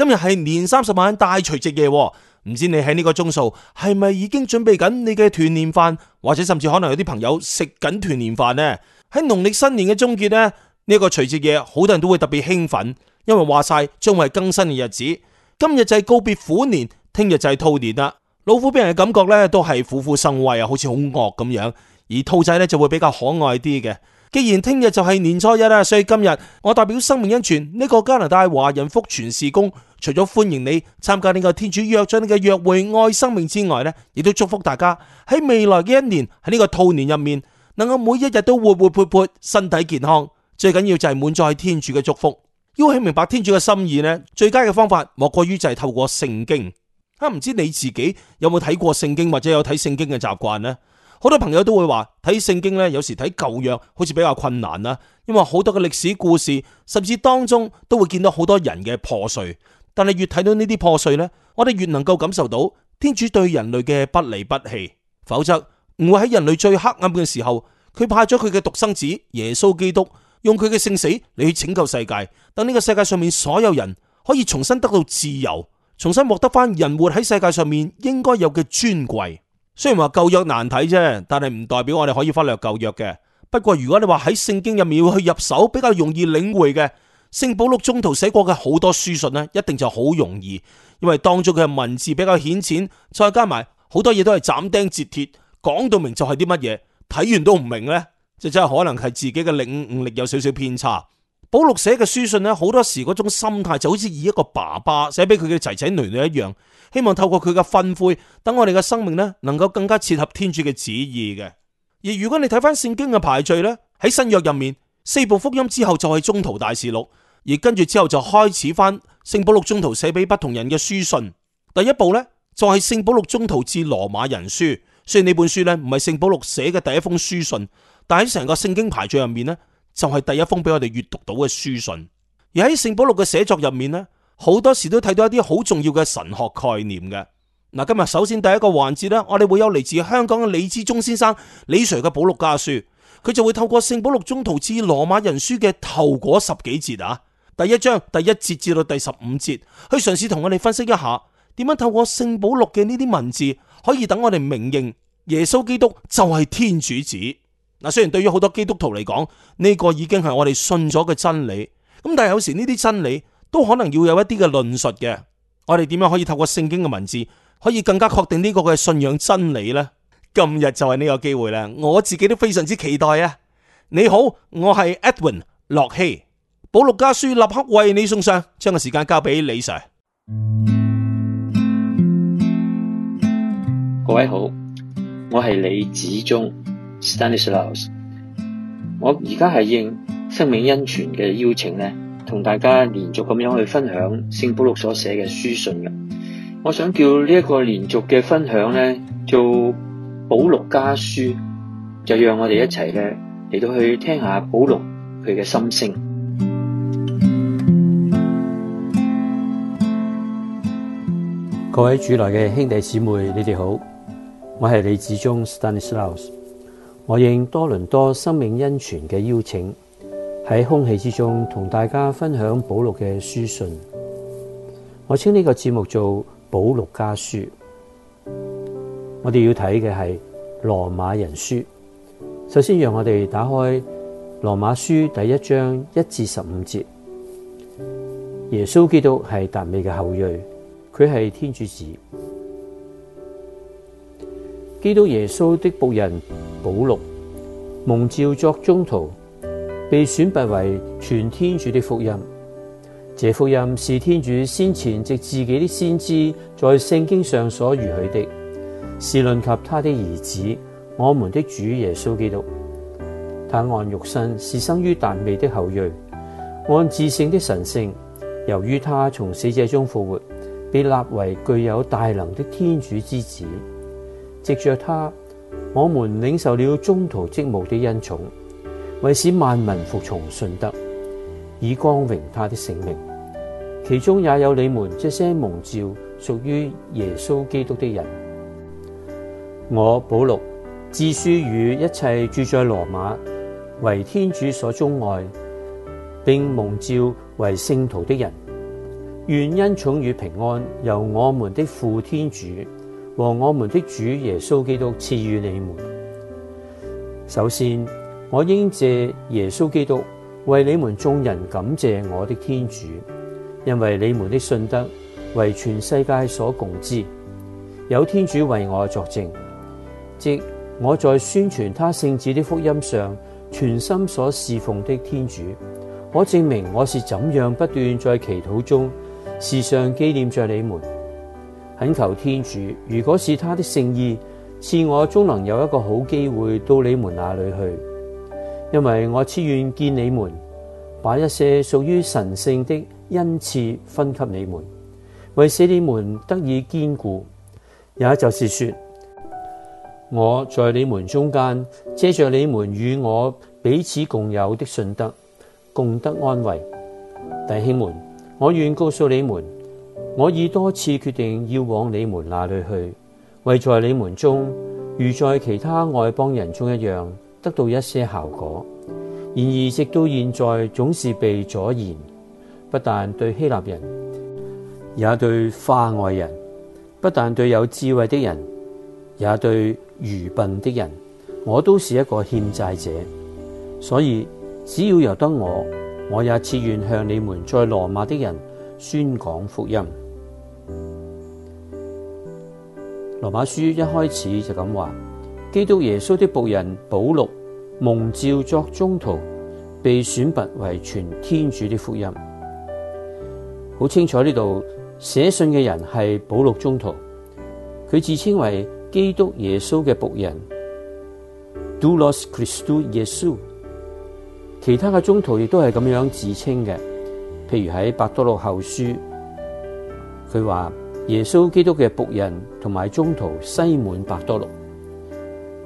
今日係年三十晚大除夕夜，唔知你喺呢個鐘數係咪已經準備緊你嘅團年飯，或者甚至可能有啲朋友食緊團年飯呢？喺農曆新年嘅終結呢？呢、呢個除夕夜好多人都會特別興奮，因為話晒將會係更新嘅日子。今日就係告別虎年，聽日就係兔年啦。老虎俾人嘅感覺呢，都係虎虎生威啊，好似好惡咁樣，而兔仔呢，就會比較可愛啲嘅。既然聽日就係年初一啊，所以今日我代表生命恩泉呢個加拿大華人福傳事工，除咗歡迎你參加呢個天主約咗你嘅約會愛生命之外呢，亦都祝福大家喺未來嘅一年喺呢個兔年入面，能夠每一日都活活潑潑，身體健康，最緊要就係滿足喺天主嘅祝福。要起明白天主嘅心意呢，最佳嘅方法莫過於就係透過聖經。啊，唔知你自己有冇睇過聖經或者有睇聖經嘅習慣呢？好多朋友都會話睇聖經呢，有時睇舊約好似比較困難啦，因為好多嘅歷史故事，甚至當中都會見到好多人嘅破碎。但係越睇到呢啲破碎呢，我哋越能夠感受到天主對人類嘅不離不棄。否則唔會喺人類最黑暗嘅時候，佢派咗佢嘅獨生子耶穌基督，用佢嘅聖死嚟去拯救世界，等呢個世界上面所有人可以重新得到自由，重新獲得翻人活喺世界上面應該有嘅尊貴。雖然話舊約難睇啫，但係唔代表我哋可以忽略舊約嘅。不過如果你話喺聖經入面要去入手比較容易領會嘅，聖保祿中途寫過嘅好多書信呢，一定就好容易，因為當中佢嘅文字比較顯淺，再加埋好多嘢都係斬釘截鐵，講到明就係啲乜嘢，睇完都唔明呢，就真係可能係自己嘅領悟力有少少偏差。保祿寫嘅書信咧，好多時嗰種心態就好似以一個爸爸寫俾佢嘅仔仔女女一樣，希望透過佢嘅吩咐，等我哋嘅生命咧能夠更加切合天主嘅旨意嘅。而如果你睇翻聖經嘅排序咧，喺新約入面，四部福音之後就係宗徒大事錄，而跟住之後就開始翻聖保祿宗徒寫俾不同人嘅書信。第一部咧就係聖保祿宗徒致羅馬人書，雖然呢本書咧唔係聖保祿寫嘅第一封書信，但喺成個聖經排序入面咧，就係第一封俾我哋閱讀到嘅書信，而喺聖保禄嘅寫作入面呢，好多時都睇到一啲好重要嘅神學概念嘅。嗱，今日首先第一個環節呢，我哋會有嚟自香港嘅李志忠先生李 Sir 嘅保祿家書，佢就會透過聖保禄中途至羅馬人書嘅頭果十幾節啊，第一章第一節至到第十五節，去嘗試同我哋分析一下點樣透過聖保禄嘅呢啲文字，可以等我哋明認耶穌基督就係天主子。嗱，雖然對於好多基督徒嚟講，呢個已經係我哋信咗嘅真理，咁但係有時呢啲真理都可能要有一啲嘅論述嘅。我哋點樣可以透過聖經嘅文字，可以更加確定呢個嘅信仰真理呢？今日就係呢個機會喇，我自己都非常之期待啊！你好，我係 Edwin 洛希，保祿家書立刻為你送上，將個時間交俾李 Sir。各位好，我係李子忠。Stanislaus，我而家係應生命恩泉嘅邀請咧，同大家連續咁樣去分享聖保祿所寫嘅書信嘅。我想叫呢一個連續嘅分享咧，做保祿家書，就讓我哋一齊嘅嚟到去聽下保祿佢嘅心聲。各位主內嘅兄弟姊妹，你哋好，我係李志忠 Stanislaus。我應多倫多生命恩泉嘅邀請，喺空氣之中同大家分享保祿嘅書信。我稱呢個節目做保祿家書。我哋要睇嘅係羅馬人書。首先，讓我哋打開羅馬書第一章一至十五節。耶穌基督係達美嘅後裔，佢係天主子。基督耶穌的僕人。保祿蒙召作宗徒，被選拔為傳天主的福音。這福音是天主先前藉自己的先知在聖經上所預許的，是論及他的兒子，我們的主耶穌基督。他按肉身是生於達味的後裔，按至聖的神性，由於他從死者中復活，被立為具有大能的天主之子。藉着他。我們領受了中途職務的恩寵，為使萬民服從信德，以光榮他的聖名。其中也有你們這些蒙召屬於耶穌基督的人。我保祿致書與一切住在羅馬為天主所鍾愛，並蒙召為聖徒的人，願恩寵與平安由我們的父天主。和我們的主耶穌基督賜予你們。首先，我應藉耶穌基督為你們眾人感謝我的天主，因為你們的信德為全世界所共知，有天主為我作證，即我在宣傳他聖子的福音上全心所侍奉的天主，可證明我是怎樣不斷在祈禱中時常紀念着你們。懇求天主，如果是他的聖意，賜我終能有一個好機會到你們那裏去，因為我自願見你們，把一些屬於神聖的恩賜分給你們，為使你們得以堅固。也就是說，我在你們中間，藉着你們與我彼此共有的信德，共得安慰。弟兄們，我願告訴你們。我已多次決定要往你們那裏去，為在你們中如在其他外邦人中一樣得到一些效果。然而直到現在總是被阻延，不但對希臘人，也對化外人；不但對有智慧的人，也對愚笨的人。我都是一個欠債者，所以只要由得我，我也自願向你們在羅馬的人。宣講福音，《羅馬書》一開始就咁話：基督耶穌的僕人保祿，蒙召作宗徒，被選拔為傳天主的福音。好清楚呢度寫信嘅人係保祿宗徒，佢自稱為基督耶穌嘅僕人 Doulos Christou Jesus。其他嘅宗徒亦都係咁樣自稱嘅。譬如喺伯多祿後書，佢話耶穌基督嘅僕人同埋宗徒西滿伯多祿，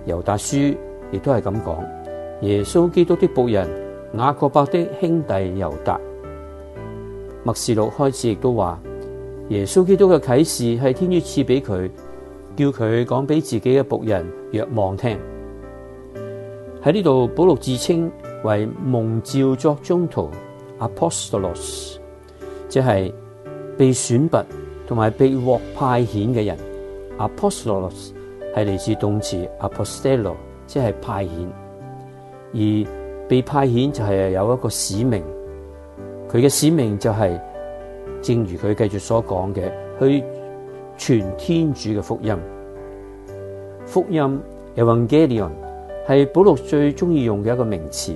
猶達書亦都係咁講。耶穌基督的僕人，多是的僕人雅各伯的兄弟猶達，默示錄開始亦都話耶穌基督嘅啟示係天主賜俾佢，叫佢講俾自己嘅僕人若望聽。喺呢度保祿自稱為蒙召作宗徒」。Apostolos 即係被選拔同埋被獲派遣嘅人。Apostolos 係嚟自動詞 apostello，即係派遣。而被派遣就係有一個使命，佢嘅使命就係，正如佢繼續所講嘅，去傳天主嘅福音。福音。Evangelion 係保祿最中意用嘅一個名詞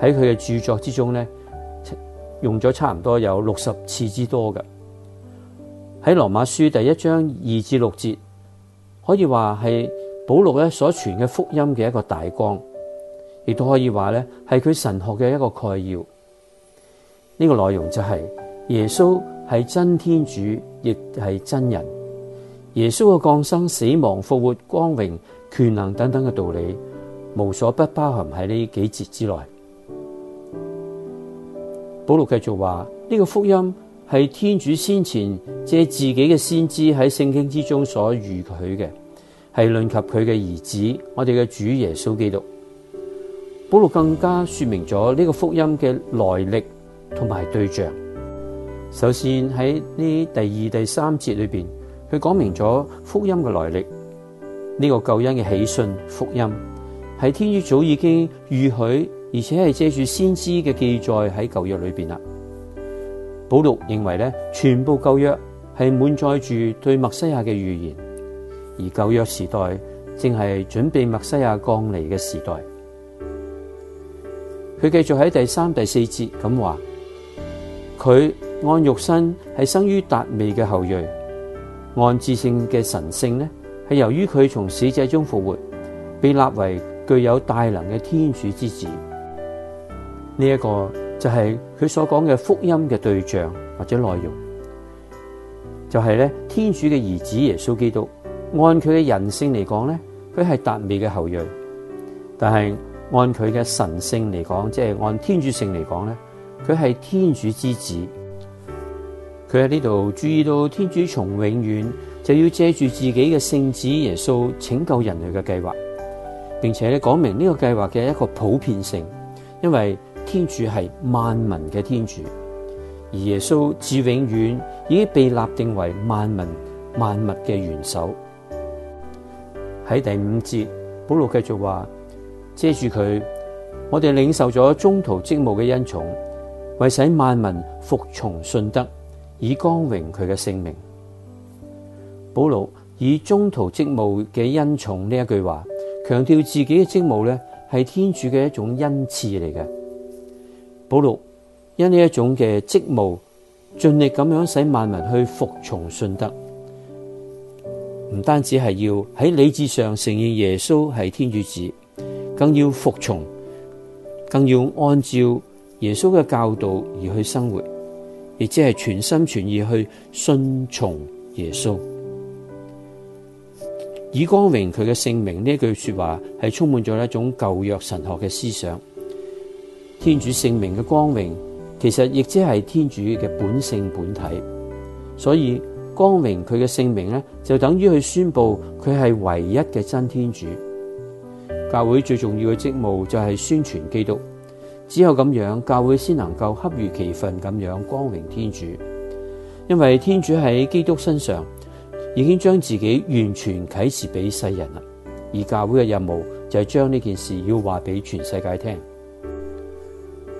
喺佢嘅著作之中咧。用咗差唔多有六十次之多嘅，喺羅馬書第一章二至六節，可以話係保祿咧所傳嘅福音嘅一個大綱，亦都可以話咧係佢神學嘅一個概要。呢個內容就係耶穌係真天主，亦係真人。耶穌嘅降生、死亡、復活、光榮、權能等等嘅道理，無所不包含喺呢幾節之內。保祿繼續話：呢、這個福音係天主先前借自己嘅先知喺聖經之中所預許佢嘅，係論及佢嘅兒子，我哋嘅主耶穌基督。保祿更加說明咗呢個福音嘅來歷同埋對象。首先喺呢第二、第三節裏邊，佢講明咗福音嘅來歷，呢、這個救恩嘅喜訊、福音係天主早已經預許。而且係借住先知嘅記載喺舊約裏邊啦。保禄認為咧，全部舊約係滿載住對默西亞嘅預言，而舊約時代正係準備默西亞降臨嘅時代。佢繼續喺第三、第四節咁話：佢按肉身係生於達味嘅後裔，按至聖嘅神性咧係由於佢從死者中復活，被立為具有大能嘅天主之子。呢一個就係佢所講嘅福音嘅對象或者內容，就係咧天主嘅兒子耶穌基督，按佢嘅人性嚟講咧，佢係達味嘅後裔，但係按佢嘅神性嚟講，即係按天主性嚟講咧，佢係天主之子。佢喺呢度注意到天主從永遠就要借住自己嘅聖子耶穌拯救人類嘅計劃，並且咧講明呢個計劃嘅一個普遍性，因為。天主係萬民嘅天主，而耶穌自永遠已經被立定為萬民萬物嘅元首。喺第五節，保祿繼續話遮住佢，我哋領受咗中途職務嘅恩寵，為使萬民服從信德，以光榮佢嘅性命。保祿以中途職務嘅恩寵呢一句話，強調自己嘅職務呢係天主嘅一種恩賜嚟嘅。保祿因呢一種嘅職務，盡力咁樣使萬民去服從信德，唔單止係要喺理智上承認耶穌係天主子，更要服從，更要按照耶穌嘅教導而去生活，亦即係全心全意去順從耶穌，以光榮佢嘅姓名。呢句說話係充滿咗一種舊約神學嘅思想。天主聖名嘅光榮，其實亦即係天主嘅本性本體。所以光榮佢嘅聖名咧，就等於去宣布佢係唯一嘅真天主。教會最重要嘅職務就係宣傳基督，只有咁樣教會先能夠恰如其分咁樣光榮天主。因為天主喺基督身上已經將自己完全啟示俾世人啦，而教會嘅任務就係將呢件事要話俾全世界聽。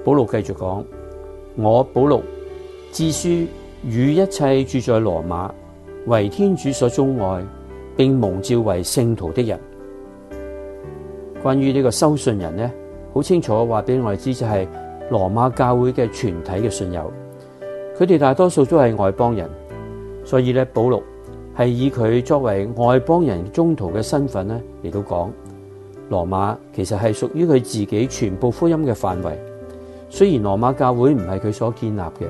保祿繼續講：我保祿致書與一切住在羅馬為天主所鍾愛，並蒙召為聖徒的人。關於呢個收信人咧，好清楚話俾我哋知，就係、是、羅馬教會嘅全體嘅信友。佢哋大多數都係外邦人，所以咧，保祿係以佢作為外邦人宗徒嘅身份咧嚟到講。羅馬其實係屬於佢自己全部福音嘅範圍。雖然羅馬教會唔係佢所建立嘅，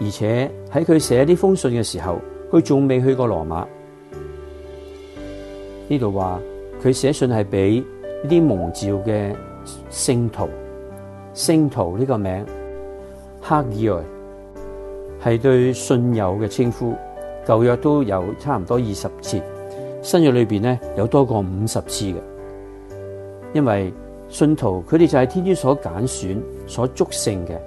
而且喺佢寫呢封信嘅時候，佢仲未去過羅馬。呢度話佢寫信係俾呢啲蒙召嘅聖徒，聖徒呢個名，黑以外係對信友嘅稱呼。舊約都有差唔多二十次，新約裏邊咧有多過五十次嘅，因為信徒佢哋就係天主所揀選。所足聖嘅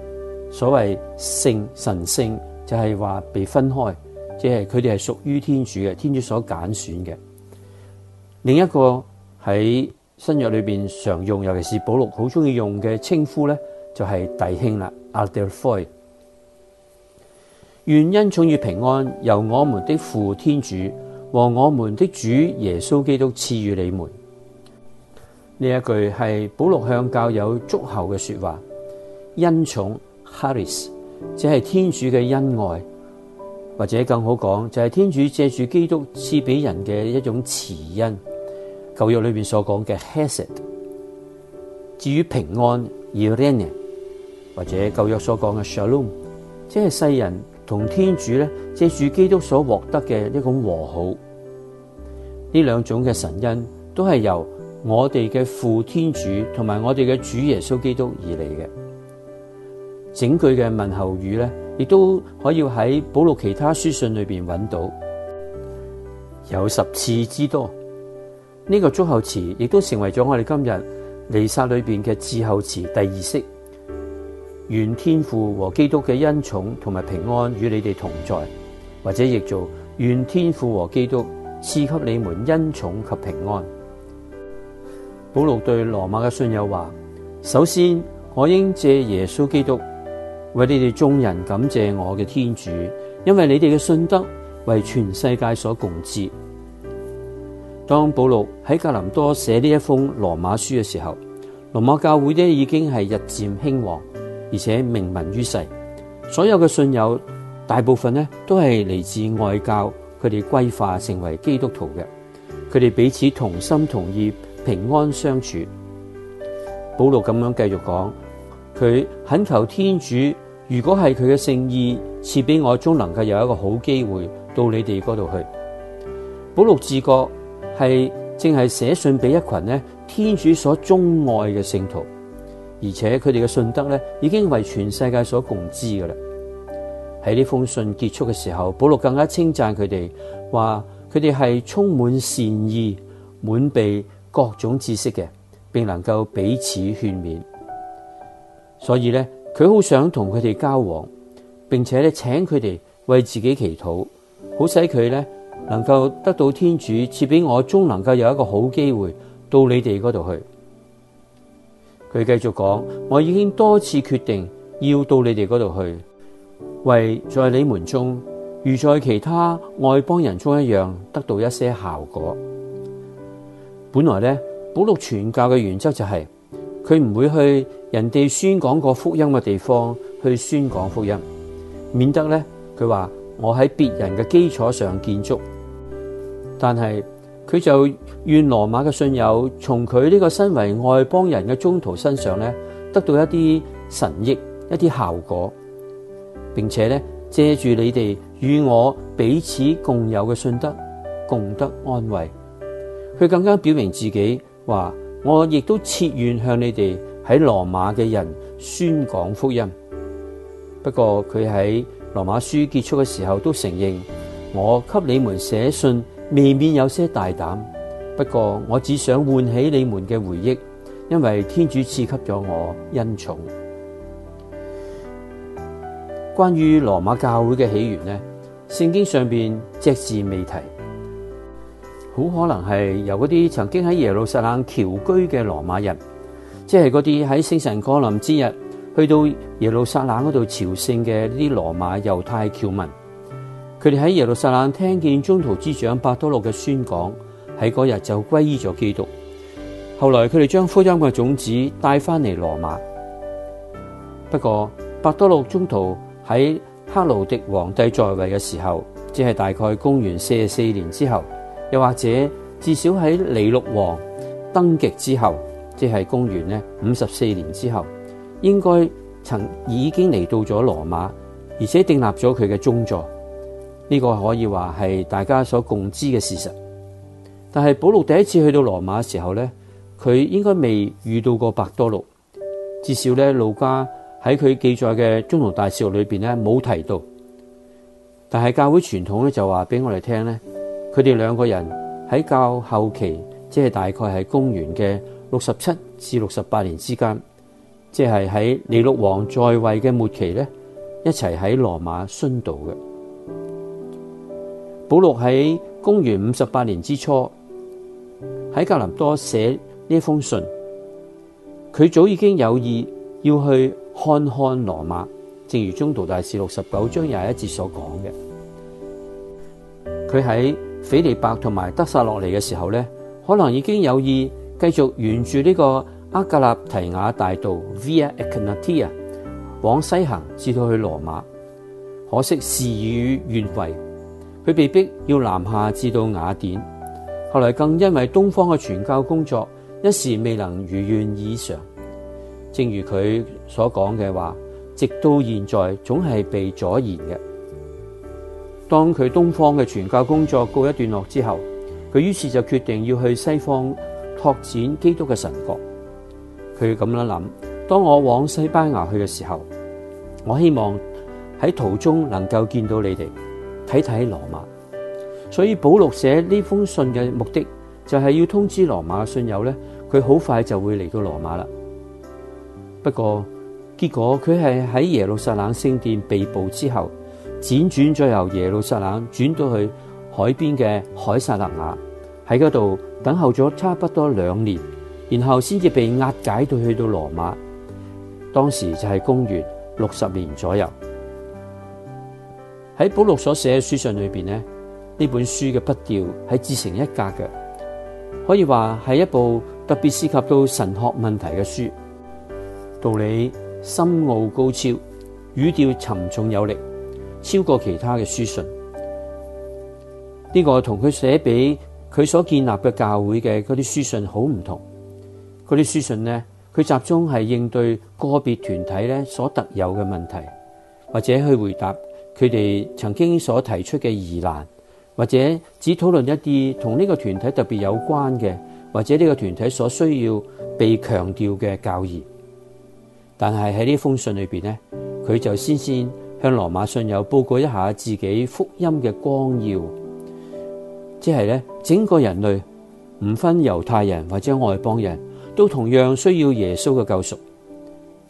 所謂聖神聖就係話被分開，即係佢哋係屬於天主嘅，天主所揀選嘅另一個喺新約裏邊常用，尤其是保祿好中意用嘅稱呼咧，就係弟兄啦。Adelphoi，願恩寵與平安由我們的父天主和我們的主耶穌基督賜予你們。呢一句係保祿向教友足後嘅說話。恩寵 h a r r i s 即這係天主嘅恩愛，或者更好講就係、是、天主借住基督賜俾人嘅一種慈恩。舊約裏邊所講嘅 h e s i d 至於平安 i r e n a 或者舊約所講嘅 shalom，即係世人同天主咧借住基督所獲得嘅一種和好。呢兩種嘅神恩都係由我哋嘅父天主同埋我哋嘅主耶穌基督而嚟嘅。整句嘅問候語咧，亦都可以喺保禄其他書信裏邊揾到，有十次之多。呢、這個祝后詞亦都成為咗我哋今日彌撒裏邊嘅致后詞第二式。願天父和基督嘅恩寵同埋平安與你哋同在，或者亦做願天父和基督賜給你們恩寵及平安。保禄對羅馬嘅信友話：首先我應借耶穌基督。為你哋眾人感謝我嘅天主，因為你哋嘅信德為全世界所共知。當保祿喺格林多寫呢一封羅馬書嘅時候，羅馬教會呢已經係日漸興旺，而且名聞於世。所有嘅信友大部分呢都係嚟自外教，佢哋歸化成為基督徒嘅。佢哋彼此同心同意，平安相處。保祿咁樣繼續講，佢懇求天主，如果係佢嘅聖意賜俾我，終能夠有一個好機會到你哋嗰度去。保祿自覺係淨係寫信俾一群呢天主所鍾愛嘅聖徒，而且佢哋嘅信德呢已經為全世界所共知㗎喇。喺呢封信結束嘅時候，保祿更加稱讚佢哋，話佢哋係充滿善意，滿備各種知識嘅，並能夠彼此勸勉。所以呢。佢好想同佢哋交往，並且咧請佢哋為自己祈禱，好使佢咧能夠得到天主賜俾我，終能夠有一個好機會到你哋嗰度去。佢繼續講：我已經多次決定要到你哋嗰度去，為在你們中如在其他外邦人中一樣得到一些效果。本來咧，保禄傳教嘅原則就係、是。佢唔會去人哋宣講個福音嘅地方去宣講福音，免得咧佢話，我喺別人嘅基礎上建築。但係佢就願羅馬嘅信友從佢呢個身為外邦人嘅宗徒身上咧得到一啲神益，一啲效果，並且咧借住你哋與我彼此共有嘅信德，共得安慰。佢更加表明自己話。我亦都切願向你哋喺羅馬嘅人宣講福音。不過佢喺羅馬書結束嘅時候都承認，我給你們寫信，未免有些大膽。不過我只想喚起你們嘅回憶，因為天主賜給咗我恩寵。關於羅馬教會嘅起源呢？聖經上面隻字未提。好可能係由嗰啲曾經喺耶路撒冷僑居嘅羅馬人，即係嗰啲喺聖神降臨之日去到耶路撒冷嗰度朝聖嘅呢啲羅馬猶太僑民。佢哋喺耶路撒冷聽見宗徒之長伯多祿嘅宣講，喺嗰日就皈依咗基督。後來佢哋將福音嘅種子帶翻嚟羅馬。不過，伯多祿宗徒喺克勞迪皇帝在位嘅時候，即係大概公元四十四年之後。又或者至少喺尼祿王登極之後，即係公元咧五十四年之後，應該曾已經嚟到咗羅馬，而且定立咗佢嘅宗座。呢、呢個可以話係大家所共知嘅事實。但係保祿第一次去到羅馬嘅時候咧，佢應該未遇到過伯多祿，至少咧路加喺佢記載嘅宗徒大事錄》裏邊咧冇提到。但係教會傳統咧就話俾我哋聽咧。佢哋兩個人喺較後期，即係大概係公元嘅六十七至六十八年之間，即係喺尼祿王在位嘅末期咧，一齊喺羅馬殉道嘅。保祿喺公元五十八年之初，喺格林多寫呢一封信，佢早已經有意要去看看羅馬，正如宗徒大事》六十九章廿一節所講嘅，佢喺菲利伯同埋德撒落嚟嘅時候咧，可能已經有意繼續沿住呢個阿格納提亞大道 （Via e i n a t i a，往西行，至到去羅馬。可惜事與願違，佢被逼要南下至到雅典。後來更因為東方嘅傳教工作一時未能如願以償，正如佢所講嘅話，直到現在總係被阻延嘅。當佢東方嘅傳教工作告一段落之後，佢於是就決定要去西方拓展基督嘅神國。佢咁樣諗：「當我往西班牙去嘅時候，我希望喺途中能夠見到你哋，睇睇羅馬。所以保祿寫呢封信嘅目的，就係要通知羅馬嘅信友咧，佢好快就會嚟到羅馬啦。不過結果佢係喺耶路撒冷聖殿被捕之後。輾轉再由耶路撒冷轉到去海邊嘅海撒勒雅，喺嗰度等候咗差不多兩年，然後先至被押解到去到羅馬。當時就係公元六十年左右。喺保祿所寫嘅書信裏邊呢，呢本書嘅筆調係自成一格嘅，可以話係一部特別涉及到神學問題嘅書，道理深奧高超，語調沉重有力。超過其他嘅書信，呢個同佢寫俾佢所建立嘅教會嘅嗰啲書信好唔同。嗰啲書信呢，佢集中係應對個別團體呢所特有嘅問題，或者去回答佢哋曾經所提出嘅疑難，或者只討論一啲同呢個團體特別有關嘅，或者呢個團體所需要被強調嘅教義。但係喺呢封信裏邊呢，佢就先先。向羅馬信友報告一下自己福音嘅光耀，即係咧，整個人類，唔分猶太人或者外邦人，都同樣需要耶穌嘅救贖。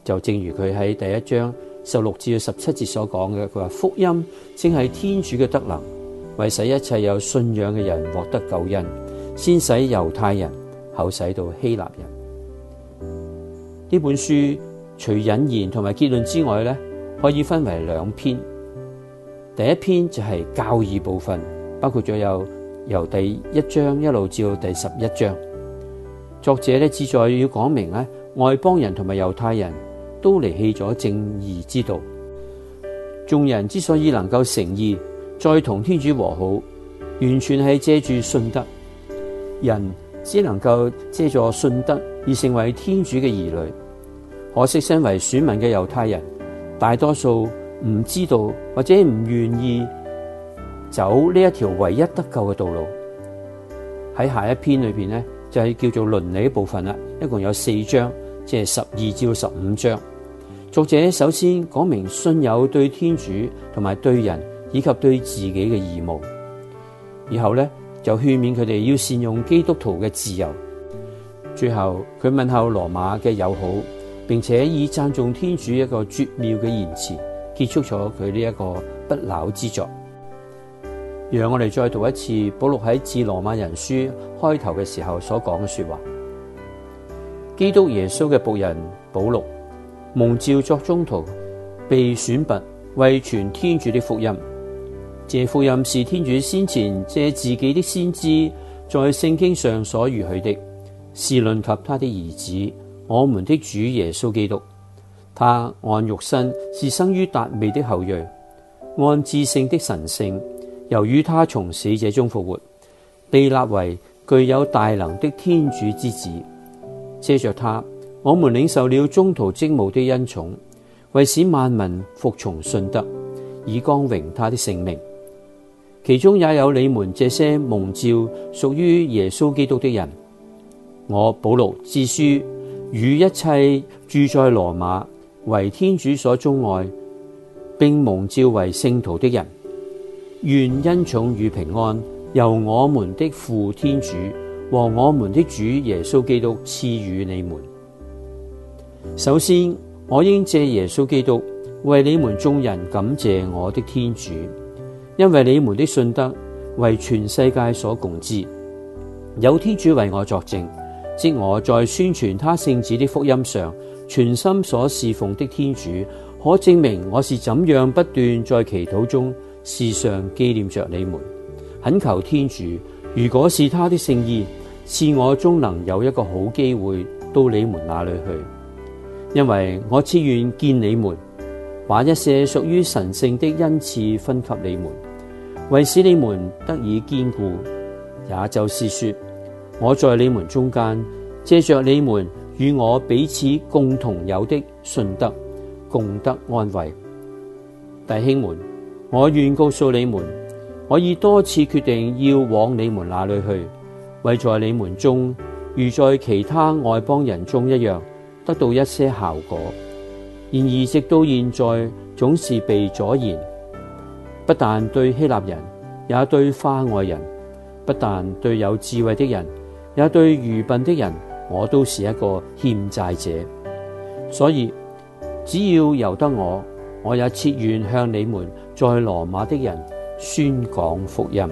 就正如佢喺第一章十六至十七節所講嘅，佢話福音正係天主嘅德能，為使一切有信仰嘅人獲得救恩，先使猶太人，後使到希臘人。呢本書除引言同埋結論之外咧。可以分為兩篇，第一篇就係教義部分，包括咗有由第一章一路至到第十一章。作者咧，旨在要講明咧，外邦人同埋猶太人都離棄咗正義之道，眾人之所以能夠誠意再同天主和好，完全係借住信德。人只能夠借助信德而成為天主嘅兒女，可惜身為選民嘅猶太人。大多數唔知道或者唔願意走呢一條唯一得救嘅道路，喺下一篇裏邊呢，就係叫做倫理部分啦，一共有四章，即係十二至到十五章。作者首先講明信友對天主同埋對人以及對自己嘅義務，以後呢，就勸勉佢哋要善用基督徒嘅自由。最後佢問候羅馬嘅友好。並且以讚頌天主一個絕妙嘅言辭結束咗佢呢一個不朽之作，讓我哋再讀一次保禄喺致羅馬人書開頭嘅時候所講嘅說的話。基督耶穌嘅僕人保禄，蒙召作宗徒，被選拔為傳天主的福音。這福音是天主先前借自己的先知在聖經上所預許的，是論及他的兒子。我們的主耶穌基督，他按肉身是生於達味的後裔，按至聖的神性，由於他從死者中復活，被立為具有大能的天主之子。借着他，我們領受了中途職務的恩寵，為使萬民服從信德，以光榮他的聖名。其中也有你們這些蒙召屬於耶穌基督的人。我保祿之書。與一切住在羅馬為天主所鍾愛，並蒙召為聖徒的人，願恩寵與平安由我們的父天主和我們的主耶穌基督賜予你們。首先，我應借耶穌基督為你們眾人感謝我的天主，因為你們的信德為全世界所共知，有天主為我作證。即我在宣傳他聖子的福音上，全心所侍奉的天主，可證明我是怎樣不斷在祈禱中事上紀念着你們，懇求天主，如果是他的聖意，賜我終能有一個好機會到你們那裡去，因為我只願見你們，把一些屬於神聖的恩賜分給你們，為使你們得以堅固，也就是說。我在你們中間，借着你們與我彼此共同有的信德，共得安慰。弟兄們，我願告訴你們，我已多次決定要往你們那裏去，為在你們中如在其他外邦人中一樣，得到一些效果。然而直到現在，總是被阻延：「不但對希臘人，也對化外人；不但對有智慧的人。也對愚笨的人，我都是一個欠債者，所以只要由得我，我也切願向你們在羅馬的人宣講福音。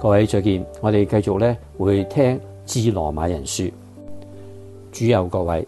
各位再見，我哋繼續咧會聽致羅馬人書，主佑各位。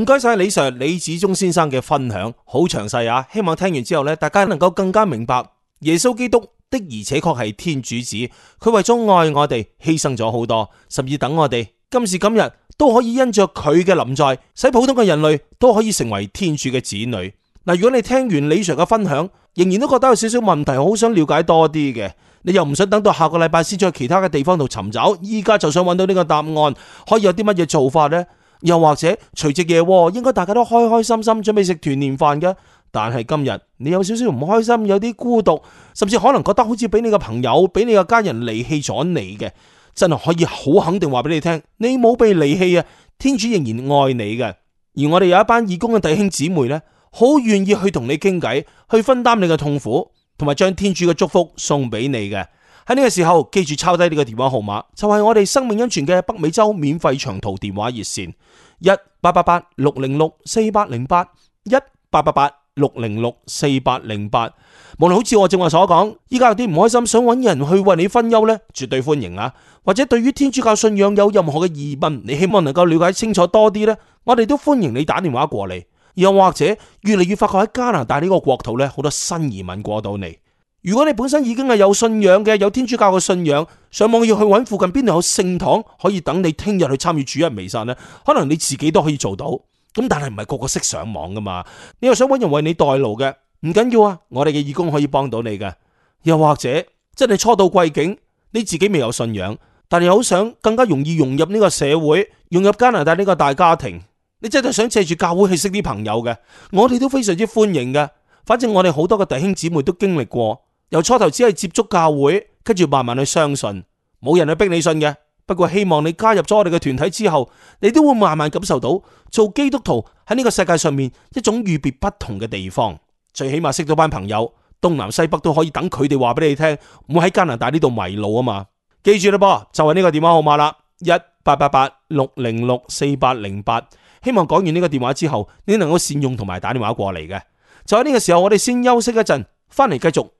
唔該晒李 Sir 李子忠先生嘅分享，好詳細啊！希望聽完之後咧，大家能夠更加明白耶穌基督的，而且確係天主子。佢為咗愛我哋，犧牲咗好多，甚至等我哋今時今日都可以因着佢嘅臨在，使普通嘅人類都可以成為天主嘅子女。嗱，如果你聽完李 Sir 嘅分享，仍然都覺得有少少問題，好想了解多啲嘅，你又唔想等到下個禮拜先去其他嘅地方度尋找，依家就想揾到呢個答案，可以有啲乜嘢做法呢？又或者除夕夜應該大家都開開心心準備食團年飯嘅，但係今日你有少少唔開心，有啲孤獨，甚至可能覺得好似俾你個朋友，俾你個家人離棄咗你嘅，真係可以好肯定話俾你聽，你冇被離棄啊！天主仍然愛你嘅，而我哋有一班義工嘅弟兄姊妹咧，好願意去同你傾偈，去分擔你嘅痛苦，同埋將天主嘅祝福送俾你嘅。喺呢個時候，記住抄低呢個電話號碼，就係我哋生命恩泉嘅北美洲免費長途電話熱線一八八八六零六四八零八一八八八六零六四八零八。無論好似我正話所講，依家有啲唔開心，想揾人去為你分憂呢，絕對歡迎啊！或者對於天主教信仰有任何嘅疑問，你希望能夠了解清楚多啲呢，我哋都歡迎你打電話過嚟。又或者越嚟越發覺喺加拿大呢個國土呢，好多新移民過到嚟。如果你本身已經係有信仰嘅，有天主教嘅信仰，上網要去揾附近邊度有聖堂可以等你聽日去參與主日彌撒呢，可能你自己都可以做到。咁但係唔係個個識上網噶嘛？你又想揾人為你代勞嘅，唔緊要啊，我哋嘅義工可以幫到你嘅。又或者，真係初到貴境，你自己未有信仰，但係又好想更加容易融入呢個社會，融入加拿大呢個大家庭，你真係想借住教會去識啲朋友嘅，我哋都非常之歡迎嘅。反正我哋好多嘅弟兄姊妹都經歷過。由初頭只係接觸教會，跟住慢慢去相信，冇人去逼你信嘅。不過希望你加入咗我哋嘅團體之後，你都會慢慢感受到做基督徒喺呢個世界上面一種與別不同嘅地方。最起碼識到班朋友，東南西北都可以等佢哋話俾你聽，唔會喺加拿大呢度迷路啊嘛。記住啦，噃就係呢個電話號碼啦，一八八八六零六四八零八，希望講完呢個電話之後，你能夠善用同埋打電話過嚟嘅。就喺呢個時候，我哋先休息一陣，翻嚟繼續。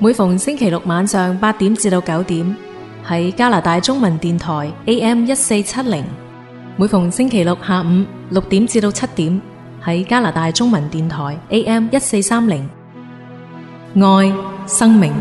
每逢星期六晚上八點至到九點喺加拿大中文電台 A M 一四七零，每逢星期六下午六點至到七點喺加拿大中文電台 A M 一四三零。愛生命，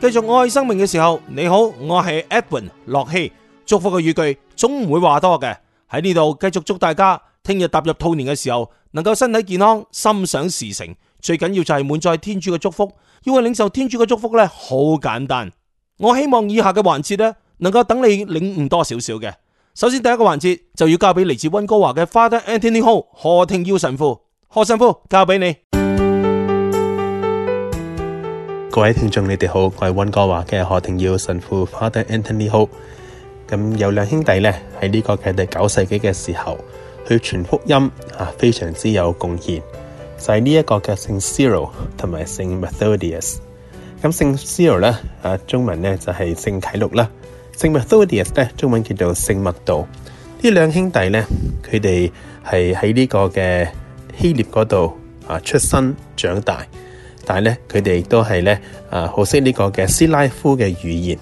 繼續愛生命嘅時候，你好，我係 Edwin 洛希，祝福嘅語句總唔會話多嘅。喺呢度繼續祝大家聽日踏入兔年嘅時候，能夠身體健康，心想事成。最緊要就係滿載天主嘅祝福，要去領受天主嘅祝福呢，好簡單。我希望以下嘅環節呢，能夠等你領悟多少少嘅。首先第一個環節就要交俾嚟自溫哥華嘅 Father Anthony Ho 何庭耀神父。何神父交，交俾你。各位聽眾，你哋好，我係溫哥華嘅何庭耀神父 Father Anthony Ho。咁有兩兄弟呢，喺呢個嘅第九世紀嘅時候去傳福音啊，非常之有貢獻。就係呢一個嘅聖 Cyril 同埋聖 Methodius。咁聖 Cyril 咧，啊中文咧就係聖啟錄啦。聖 Methodius 咧，中文叫做聖麥道。呢兩兄弟咧，佢哋係喺呢個嘅希臘嗰度啊出生長大，但係咧佢哋亦都係咧啊好識呢個嘅斯拉夫嘅語言。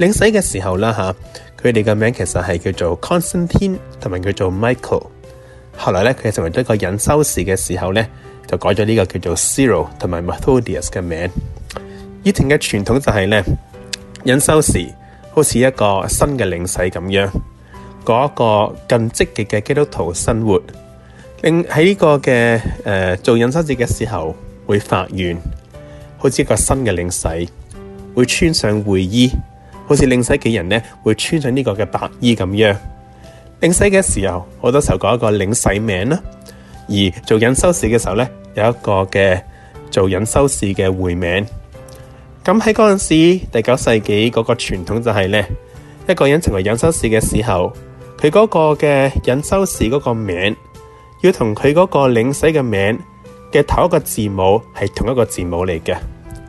領洗嘅時候啦嚇，佢哋嘅名其實係叫做 Constantine 同埋叫做 Michael。後來咧，佢成為咗一個隱修士嘅時候咧，就改咗呢個叫做 Cyril 同埋 Methodius 嘅名。以前嘅傳統就係咧，隱修士好似一個新嘅領洗咁樣，過一個更積極嘅基督徒生活。喺呢個嘅誒、呃、做隱修士嘅時候會發願，好似一個新嘅領洗，會穿上會衣，好似領洗嘅人咧會穿上呢個嘅白衣咁樣。領洗嘅時候，好多時候講一個領洗名啦；而做隱修士嘅時候呢，有一個嘅做隱修士嘅會名。咁喺嗰陣時，第九世紀嗰個傳統就係呢，一個人成為隱修士嘅時候，佢嗰個嘅隱修士嗰個名，要同佢嗰個領洗嘅名嘅頭一個字母係同一個字母嚟嘅。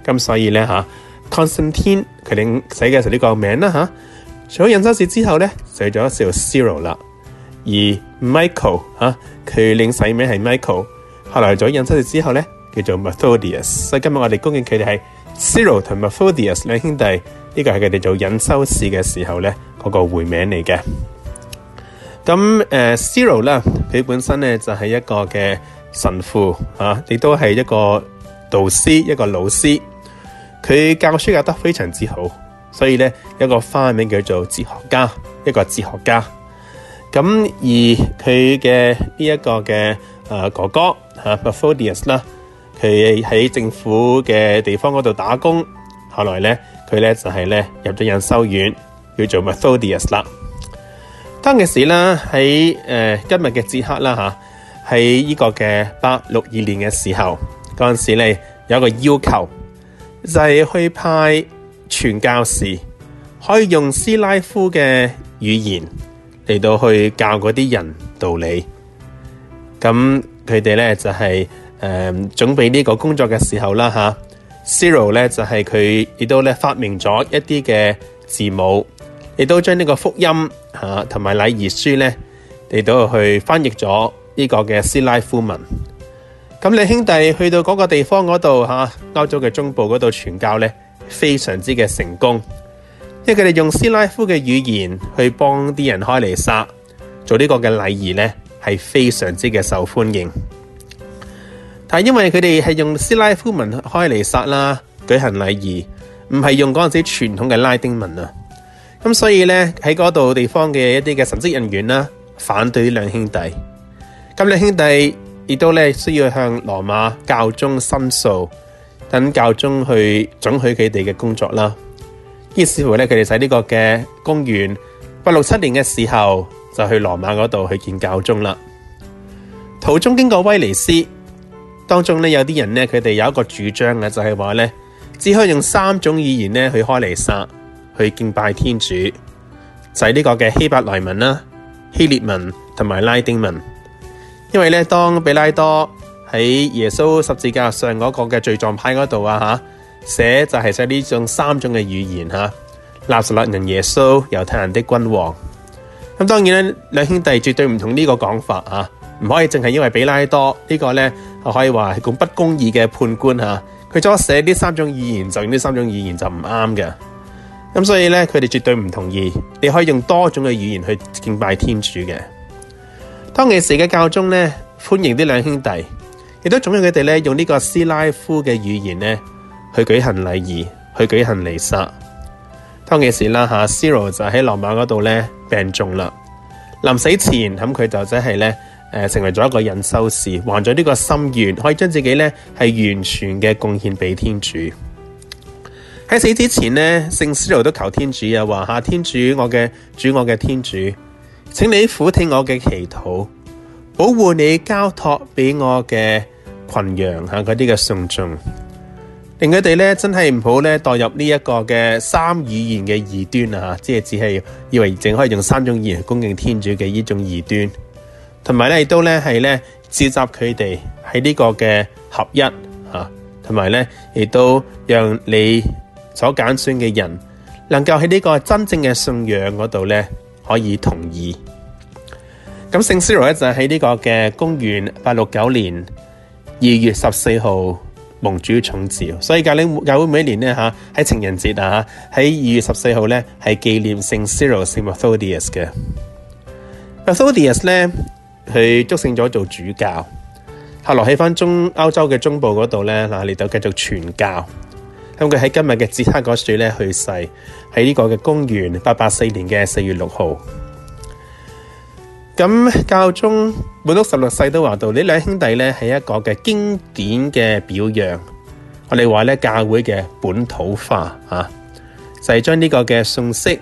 咁所以呢，吓，Constantine 佢領洗嘅時候呢個名啦吓。除咗隱修士之後咧，寫咗少「Cyril 啦。而 Michael 佢領洗名係 Michael。後來做咗隱修士之後咧，叫做 Methodius。所以今日我哋恭敬佢哋係 Cyril 同 Methodius 兩兄弟。呢、這個係佢哋做隱修士嘅時候咧，嗰、那個會名嚟嘅。咁誒、呃、Cyril 啦佢本身咧就係、是、一個嘅神父嚇，亦、啊、都係一個導師、一個老師，佢教書教得非常之好。所以咧，一個花名叫做哲學家，一個哲學家。咁而佢嘅呢一個嘅誒、呃、哥哥嚇、啊、，Methodius 啦，佢喺政府嘅地方嗰度打工，後來咧佢咧就係、是、咧入咗隱修院，叫做 Methodius 啦。當其時咧，喺誒、呃、今日嘅捷克啦嚇，喺、啊、呢個嘅八六二年嘅時候，嗰陣時咧有一個要求，就係、是、去派。傳教士可以用斯拉夫嘅語言嚟到去教嗰啲人道理，咁佢哋呢就係、是、誒、呃、準備呢個工作嘅時候啦吓，Cyril 咧就係佢亦都咧發明咗一啲嘅字母，亦都將呢個福音吓同埋禮儀書呢嚟到去翻譯咗呢個嘅斯拉夫文。咁你兄弟去到嗰個地方嗰度吓，啊、歐洲嘅中部嗰度傳教呢，非常之嘅成功，因為佢哋用斯拉夫嘅語言去幫啲人開彌撒，做呢個嘅禮儀呢，係非常之嘅受歡迎。但係因為佢哋係用斯拉夫文開彌撒啦，舉行禮儀，唔係用嗰陣時傳統嘅拉丁文啊，咁所以呢，喺嗰度地方嘅一啲嘅神職人員啦反對呢兩兄弟，咁兩兄弟亦都咧需要向羅馬教宗申訴。等教宗去准許佢哋嘅工作啦，於是乎咧，佢哋喺呢個嘅公元八六七年嘅時候，就去羅馬嗰度去見教宗啦。途中經過威尼斯，當中咧有啲人咧，佢哋有一個主張嘅，就係話咧，只可以用三種語言咧去開尼薩去敬拜天主，就係、是、呢個嘅希伯來文啦、希列文同埋拉丁文，因為咧當彼拉多。喺耶穌十字架上嗰個嘅罪狀牌嗰度啊，吓、啊、寫就係寫呢種三種嘅語言吓、啊，拿撒勒人耶穌，猶太人的君王。咁、嗯、當然咧，兩兄弟絕對唔同呢個講法啊，唔可以淨係因為比拉多、這個、呢個咧，可以話係咁不公義嘅判官吓，佢、啊、所寫呢三種語言，就用呢三種語言就唔啱嘅。咁、嗯、所以咧，佢哋絕對唔同意，你可以用多種嘅語言去敬拜天主嘅。當其時嘅教宗咧，歡迎啲兩兄弟。亦都總有佢哋咧，用呢用個斯拉夫嘅語言咧去舉行禮儀，去舉行彌撒。當其時啦，哈、啊，西羅就喺羅馬嗰度咧病重啦，臨死前咁佢、啊、就真係咧誒成為咗一個隱修士，還咗呢個心願，可以將自己咧係完全嘅貢獻俾天主。喺死之前咧，聖西羅都求天主啊，話下天主，我，主我嘅主，我嘅天主，請你俯聽我嘅祈禱。保護你交託俾我嘅群羊吓，嗰啲嘅信眾，令佢哋咧真係唔好咧墮入呢一個嘅三語言嘅異端啊即係只係以為淨可以用三種語言恭敬天主嘅呢種異端，同埋咧亦都咧係咧召集佢哋喺呢個嘅合一吓，同埋咧亦都讓你所揀選嘅人能夠喺呢個真正嘅信仰嗰度咧可以同意。咁聖 Cyril 咧就係喺呢個嘅公元八六九年二月十四號蒙主重召，所以教領教會每一年咧吓喺情人節啊，喺二月十四號咧係紀念聖 Cyril 聖 Methodius 嘅。Methodius 咧佢祝聖咗做主教，後來喺翻中歐洲嘅中部嗰度咧嗱，嚟到繼續傳教。咁佢喺今日嘅捷克嗰處咧去世，喺呢個嘅公元八八四年嘅四月六號。咁教宗本篤十六世都話到，呢兩兄弟咧係一個嘅經典嘅表揚。我哋話咧，教會嘅本土化、啊、就係、是、將呢個嘅信息，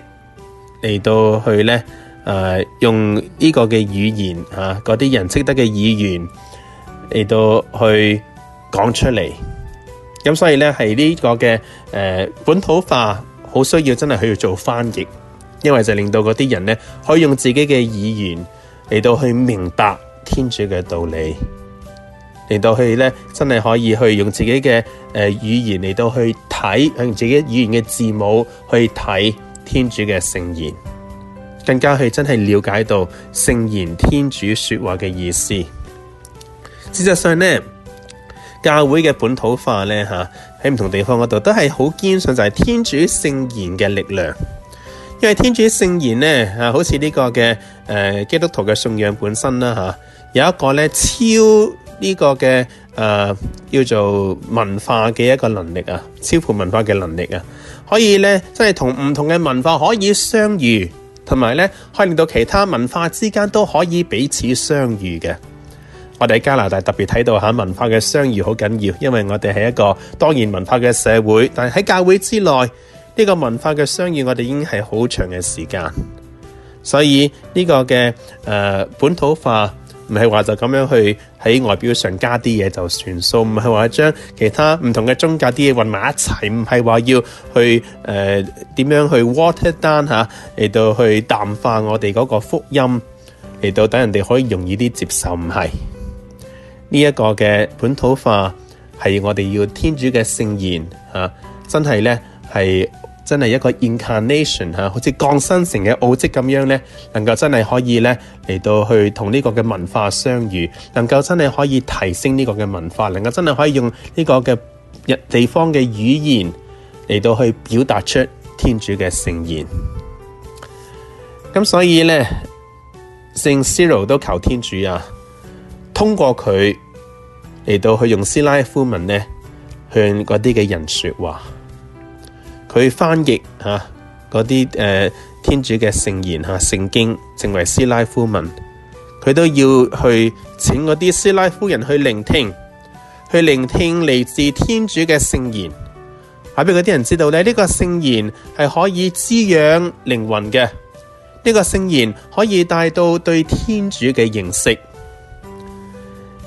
嚟到去咧誒、呃，用呢個嘅語言嗰啲、啊、人識得嘅語言嚟到去講出嚟。咁所以咧係呢個嘅誒、呃、本土化，好需要真係去做翻譯，因為就令到嗰啲人咧可以用自己嘅語言。嚟到去明白天主嘅道理，嚟到去咧，真係可以去用自己嘅誒、呃、語言嚟到去睇，用自己語言嘅字母去睇天主嘅聖言，更加去真係了解到聖言天主說話嘅意思。事實上咧，教會嘅本土化咧吓，喺唔同地方嗰度都係好堅信就係、是、天主聖言嘅力量。因為天主聖言咧，啊，好似呢個嘅誒、呃、基督徒嘅信仰本身啦，吓、啊、有一個咧超呢、這個嘅誒、呃、叫做文化嘅一個能力啊，超乎文化嘅能力啊，可以咧即係同唔同嘅文化可以相遇，同埋咧可以令到其他文化之間都可以彼此相遇嘅。我哋喺加拿大特別睇到吓文化嘅相遇好緊要，因為我哋係一個多元文化嘅社會，但係喺教會之內。呢個文化嘅相遇，我哋已經係好長嘅時間，所以呢個嘅誒、呃、本土化唔係話就咁樣去喺外表上加啲嘢就算數，唔係話將其他唔同嘅宗教啲嘢混埋一齊，唔係話要去誒點、呃、樣去 water down 嚇、啊、嚟到去淡化我哋嗰個福音，嚟到等人哋可以容易啲接受，唔係，呢一個嘅本土化係我哋要天主嘅聖言嚇、啊，真係咧。係真係一個 incarnation 吓、啊，好似降生成嘅奧跡咁樣咧，能夠真係可以咧，嚟到去同呢個嘅文化相遇，能夠真係可以提升呢個嘅文化，能夠真係可以用呢個嘅日地方嘅語言嚟到去表達出天主嘅聖言。咁所以呢，聖 Cyril 都求天主啊，通過佢嚟到去用斯拉夫文呢，向嗰啲嘅人說話。佢翻譯吓嗰啲誒，天主嘅聖言吓、啊，聖經成為斯拉夫文，佢都要去請嗰啲斯拉夫人去聆聽，去聆聽嚟自天主嘅聖言，俾嗰啲人知道咧。呢、這個聖言係可以滋養靈魂嘅，呢、這個聖言可以帶到對天主嘅認識。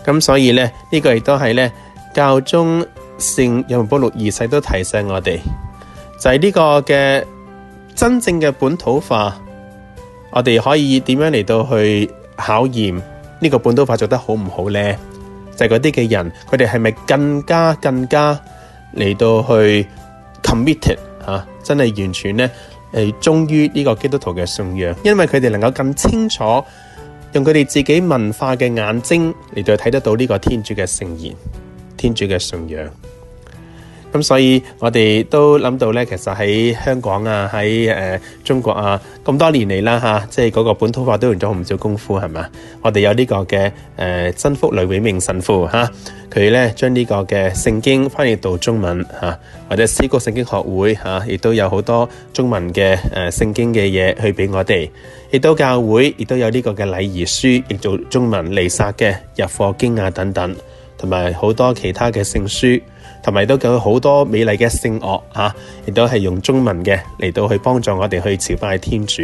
咁所以呢，這個、呢個亦都係呢，教宗聖若望保祿二世都提醒我哋。就係呢個嘅真正嘅本土化，我哋可以點樣嚟到去考驗呢個本土化做得好唔好呢？就係嗰啲嘅人，佢哋係咪更加更加嚟到去 committed、啊、真係完全呢，忠於呢個基督徒嘅信仰，因為佢哋能夠咁清楚用佢哋自己文化嘅眼睛嚟到睇得到呢個天主嘅聖言、天主嘅信仰。咁所以，我哋都諗到咧，其實喺香港啊，喺、呃、中國啊，咁多年嚟啦吓，即係嗰個本土化都用咗唔少功夫係嘛？我哋有呢個嘅誒真福雷永明神父吓，佢咧將呢個嘅聖經翻譯到中文吓，或者思高聖經學會吓，亦都有好多中文嘅誒、呃、聖經嘅嘢去俾我哋，亦都教會亦都有呢個嘅禮儀書，亦做中文彌撒嘅日課經啊等等，同埋好多其他嘅聖書。同埋都有好多美麗嘅聖樂嚇，亦都係用中文嘅嚟到去幫助我哋去朝拜天主。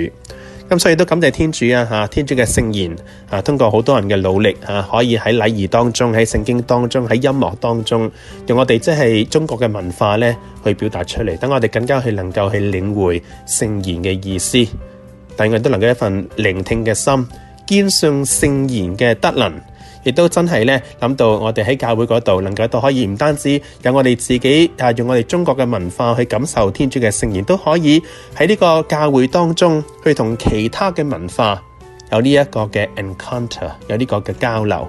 咁所以都感謝天主啊嚇，天主嘅聖言啊，通過好多人嘅努力嚇，可以喺禮儀當中、喺聖經當中、喺音樂當中，用我哋即係中國嘅文化呢去表達出嚟，等我哋更加去能夠去領會聖言嘅意思。大家都能夠一份聆聽嘅心，堅信聖言嘅德能。亦都真係咧，諗到我哋喺教會嗰度能夠都可以唔單止有我哋自己啊，用我哋中國嘅文化去感受天主嘅聖言，都可以喺呢個教會當中去同其他嘅文化有呢一個嘅 encounter，有呢個嘅交流，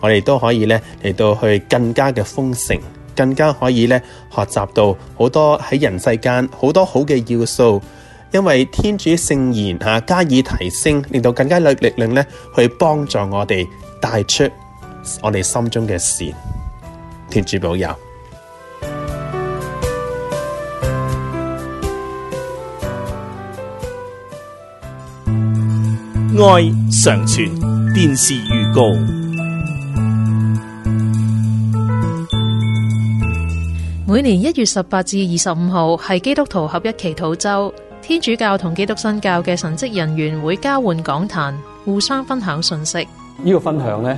我哋都可以咧嚟到去更加嘅豐盛，更加可以咧學習到好多喺人世間好多好嘅要素。因為天主聖言吓加以提升，令到更加力力量咧去幫助我哋帶出我哋心中嘅善。天主保佑。愛常存。電視預告：每年一月十八至二十五號係基督徒合一祈禱周。天主教同基督新教嘅神職人員會交換講壇，互相分享信息。呢個分享呢，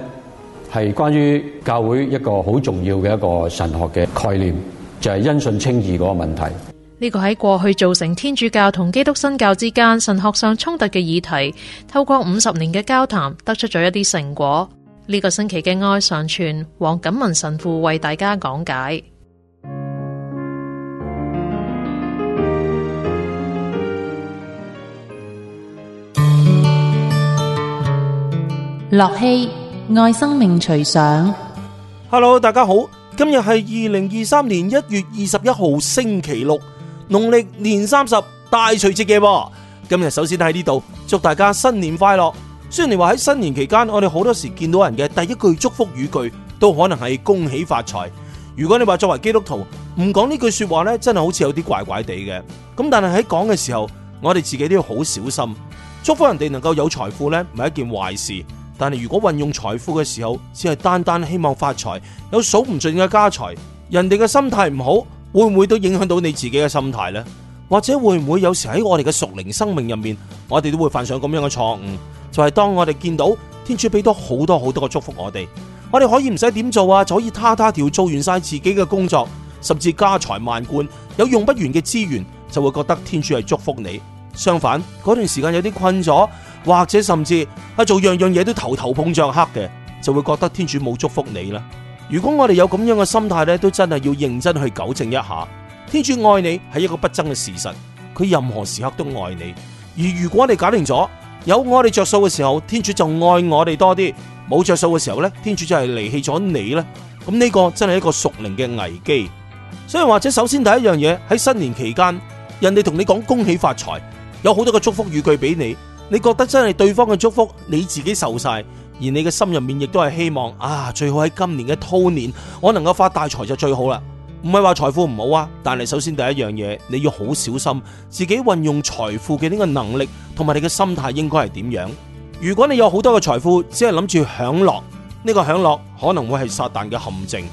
係關於教會一個好重要嘅一個神學嘅概念，就係、是、因信稱義嗰個問題。呢個喺過去造成天主教同基督新教之間神學上衝突嘅議題，透過五十年嘅交談，得出咗一啲成果。呢、這個星期嘅愛上傳，黃錦文神父為大家講解。樂器愛生命隨想，Hello，大家好，今日係二零二三年一月二十一號星期六，農曆年三十大除夕嘅。今日首先喺呢度祝大家新年快樂。雖然你話喺新年期間，我哋好多時見到人嘅第一句祝福語句，都可能係恭喜發財。如果你話作為基督徒唔講呢句說話咧，真係好似有啲怪怪地嘅。咁但係喺講嘅時候，我哋自己都要好小心，祝福人哋能夠有財富咧，唔係一件壞事。但係如果運用財富嘅時候，只係單單希望發財，有數唔盡嘅家財，人哋嘅心態唔好，會唔會都影響到你自己嘅心態呢？或者會唔會有時喺我哋嘅屬靈生命入面，我哋都會犯上咁樣嘅錯誤？就係當我哋見到天主俾多好多好多嘅祝福我哋，我哋可以唔使點做啊，就可以他他條做完晒自己嘅工作，甚至家財萬貫，有用不完嘅資源，就會覺得天主係祝福你。相反，嗰段時間有啲困咗。或者甚至啊，做樣樣嘢都頭頭碰着黑嘅，就會覺得天主冇祝福你啦。如果我哋有咁樣嘅心態咧，都真係要認真去糾正一下。天主愛你係一個不爭嘅事實，佢任何時刻都愛你。而如果我哋搞掂咗有我哋着數嘅時候，天主就愛我哋多啲；冇着數嘅時候咧，天主就係離棄咗你啦。咁呢個真係一個屬靈嘅危機。所以或者首先第一樣嘢喺新年期間，人哋同你講恭喜發財，有好多嘅祝福語句俾你。你覺得真係對方嘅祝福你自己受晒，而你嘅心入面亦都係希望啊，最好喺今年嘅兔年我能夠發大財就最好啦。唔係話財富唔好啊，但係首先第一樣嘢你要好小心自己運用財富嘅呢個能力同埋你嘅心態應該係點樣。如果你有好多嘅財富，只係諗住享樂，呢個享樂可能會係撒旦嘅陷阱。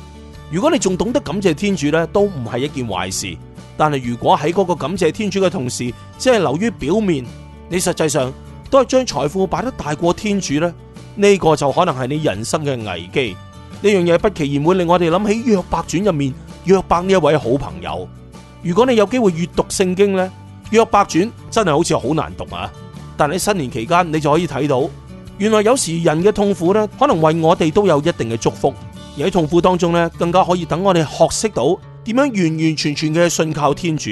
如果你仲懂得感謝天主呢，都唔係一件壞事。但係如果喺嗰個感謝天主嘅同時，只係留於表面。你實際上都係將財富擺得大過天主呢。呢、呢個就可能係你人生嘅危機。呢樣嘢不期而會令我哋諗起《約伯傳》入面約伯呢一位好朋友。如果你有機會閱讀聖經呢，《約伯傳》真係好似好難讀啊！但喺新年期間，你就可以睇到，原來有時人嘅痛苦呢，可能為我哋都有一定嘅祝福。而喺痛苦當中呢，更加可以等我哋學識到點樣完完全全嘅信靠天主，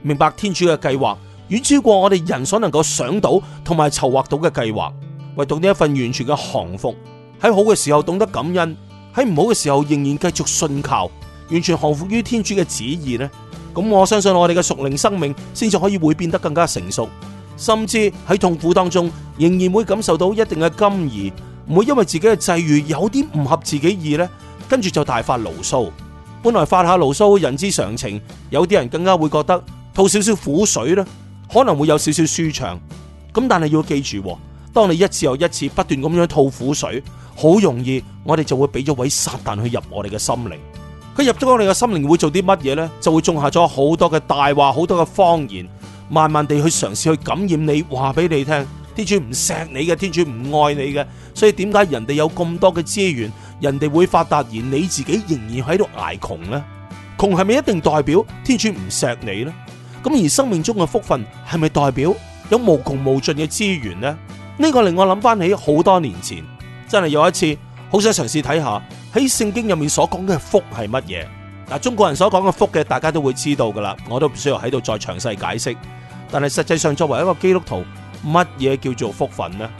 明白天主嘅計劃。遠超過我哋人所能夠想到同埋籌劃到嘅計劃，為到呢一份完全嘅幸福。喺好嘅時候懂得感恩，喺唔好嘅時候仍然繼續信靠，完全降服於天主嘅旨意呢，咁我相信我哋嘅屬靈生命先至可以會變得更加成熟，甚至喺痛苦當中仍然會感受到一定嘅甘怡。唔會因為自己嘅際遇有啲唔合自己意呢，跟住就大發牢騷。本來發下牢騷，人之常情，有啲人更加會覺得吐少少苦水啦。可能會有少少舒暢，咁但係要記住，當你一次又一次不斷咁樣吐苦水，好容易我哋就會俾咗位撒旦去入我哋嘅心靈。佢入咗我哋嘅心靈會做啲乜嘢呢？就會種下咗好多嘅大話，好多嘅謊言，慢慢地去嘗試，試去感染你，話俾你聽，天主唔錫你嘅，天主唔愛你嘅，所以點解人哋有咁多嘅資源，人哋會發達而你自己仍然喺度挨窮呢？窮係咪一定代表天主唔錫你呢？」咁而生命中嘅福分係咪代表有無窮無盡嘅資源呢？呢個令我諗翻起好多年前，真係有一次好想嘗試睇下喺聖經入面所講嘅福係乜嘢。嗱，中國人所講嘅福嘅，大家都會知道噶啦，我都唔需要喺度再詳細解釋。但係實際上作為一個基督徒，乜嘢叫做福分呢？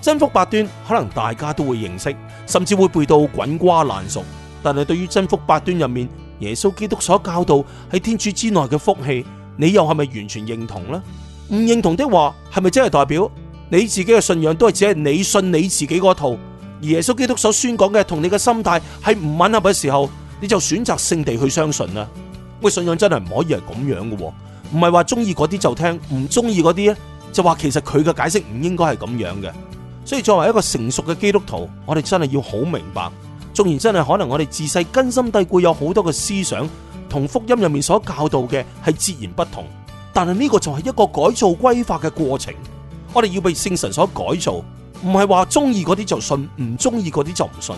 真福八端可能大家都會認識，甚至會背到滾瓜爛熟。但係對於真福八端入面，耶穌基督所教導喺天主之內嘅福氣。你又係咪完全認同呢唔認同的話，係咪真係代表你自己嘅信仰都係只係你信你自己嗰套？而耶穌基督所宣講嘅同你嘅心態係唔吻合嘅時候，你就選擇性地去相信啦？我嘅信仰真係唔可以係咁樣嘅，唔係話中意嗰啲就聽，唔中意嗰啲呢就話其實佢嘅解釋唔應該係咁樣嘅。所以作為一個成熟嘅基督徒，我哋真係要好明白，縱然真係可能我哋自細根深蒂固有好多嘅思想。同福音入面所教導嘅係截然不同，但係呢個就係一個改造規劃嘅過程。我哋要被聖神所改造，唔係話中意嗰啲就信，唔中意嗰啲就唔信，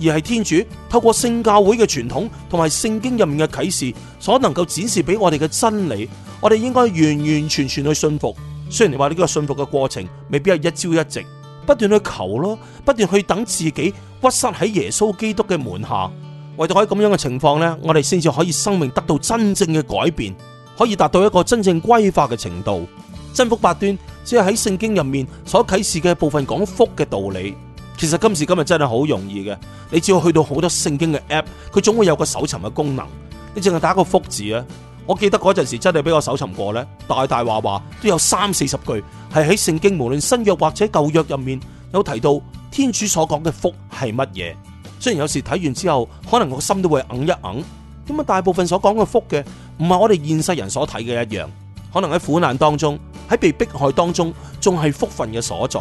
而係天主透過聖教會嘅傳統同埋聖經入面嘅啟示，所能夠展示俾我哋嘅真理，我哋應該完完全全去信服。雖然你話呢個信服嘅過程，未必係一朝一夕，不斷去求咯，不斷去等自己屈膝喺耶穌基督嘅門下。為咗可以咁樣嘅情況咧，我哋先至可以生命得到真正嘅改變，可以達到一個真正歸化嘅程度。真福八端只係喺聖經入面所啟示嘅部分講福嘅道理。其實今時今日真係好容易嘅，你只要去到好多聖經嘅 app，佢總會有個搜尋嘅功能。你淨係打個福字！啊，我記得嗰陣時真係俾我搜尋過咧，大大話話都有三四十句係喺聖經無論新約或者舊約入面有提到天主所講嘅福係乜嘢。雖然有時睇完之後，可能我心都會硬一硬。咁啊，大部分所講嘅福嘅，唔係我哋現世人所睇嘅一樣。可能喺苦難當中，喺被迫害當中，仲係福分嘅所在。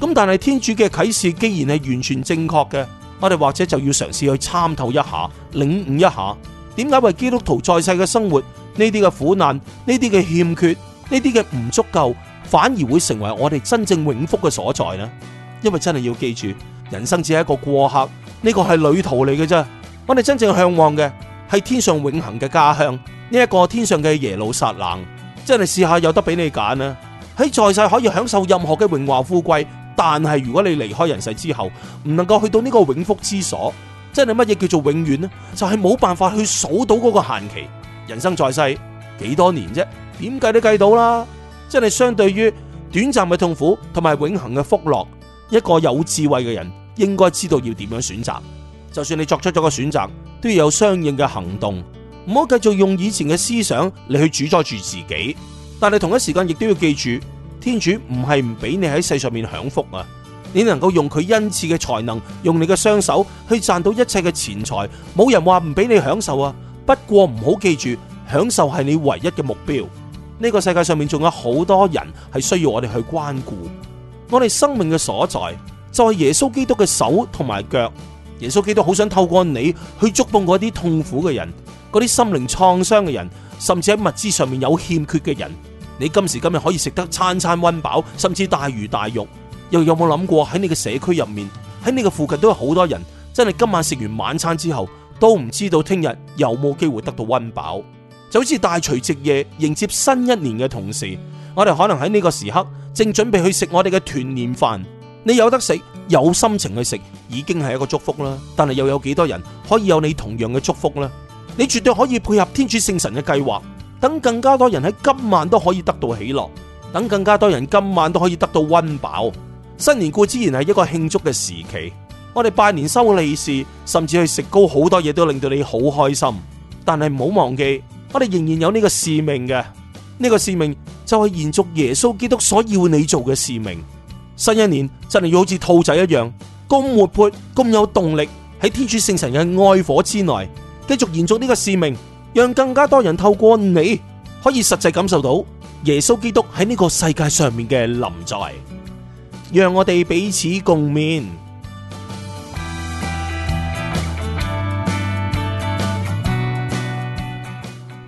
咁但係天主嘅啟示，既然係完全正確嘅，我哋或者就要嘗試去參透一下，領悟一下，點解為基督徒在世嘅生活，呢啲嘅苦難、呢啲嘅欠缺、呢啲嘅唔足夠，反而會成為我哋真正永福嘅所在呢？因為真係要記住，人生只係一個過客。呢個係旅途嚟嘅啫，我哋真正嚮往嘅係天上永恒嘅家鄉，呢一個天上嘅耶路撒冷。真係試下有得俾你揀啊。喺在世可以享受任何嘅榮華富貴，但係如果你離開人世之後，唔能夠去到呢個永福之所，真係，乜嘢叫做永遠呢？就係冇辦法去數到嗰個限期。人生在世幾多年啫？點計都計到啦，真係相對於短暫嘅痛苦同埋永恒嘅福樂，一個有智慧嘅人，應該知道要點樣選擇，就算你作出咗個選擇，都要有相應嘅行動，唔好繼續用以前嘅思想嚟去主宰住自己。但係同一時間，亦都要記住，天主唔係唔俾你喺世上面享福啊！你能夠用佢恩賜嘅才能，用你嘅雙手去賺到一切嘅錢財，冇人話唔俾你享受啊！不過唔好記住，享受係你唯一嘅目標。呢個世界上面仲有好多人係需要我哋去關顧，我哋生命嘅所在。在耶穌基督嘅手同埋腳，耶穌基督好想透過你去觸碰嗰啲痛苦嘅人，嗰啲心靈創傷嘅人，甚至喺物資上面有欠缺嘅人。你今時今日可以食得餐餐溫飽，甚至大魚大肉，又有冇諗過喺你嘅社區入面，喺你嘅附近都有好多人，真係今晚食完晚餐之後，都唔知道聽日有冇機會得到溫飽。就好似大除夕夜迎接新一年嘅同時，我哋可能喺呢個時刻正準備去食我哋嘅團年飯。你有得食，有心情去食，已經係一個祝福啦。但係又有幾多人可以有你同樣嘅祝福呢？你絕對可以配合天主聖神嘅計劃，等更加多人喺今晚都可以得到喜樂，等更加多人今晚都可以得到溫飽。新年固之然係一個慶祝嘅時期，我哋拜年收利是，甚至去食糕好多嘢，都令到你好開心。但係唔好忘記，我哋仍然有呢個使命嘅，呢、呢個使命就係延續耶穌基督所要你做嘅使命。新一年真係要好似兔仔一樣，咁活潑，咁有動力，喺天主聖神嘅愛火之內，繼續延續呢個使命，讓更加多人透過你，可以實際感受到耶穌基督喺呢個世界上面嘅臨在，讓我哋彼此共勉。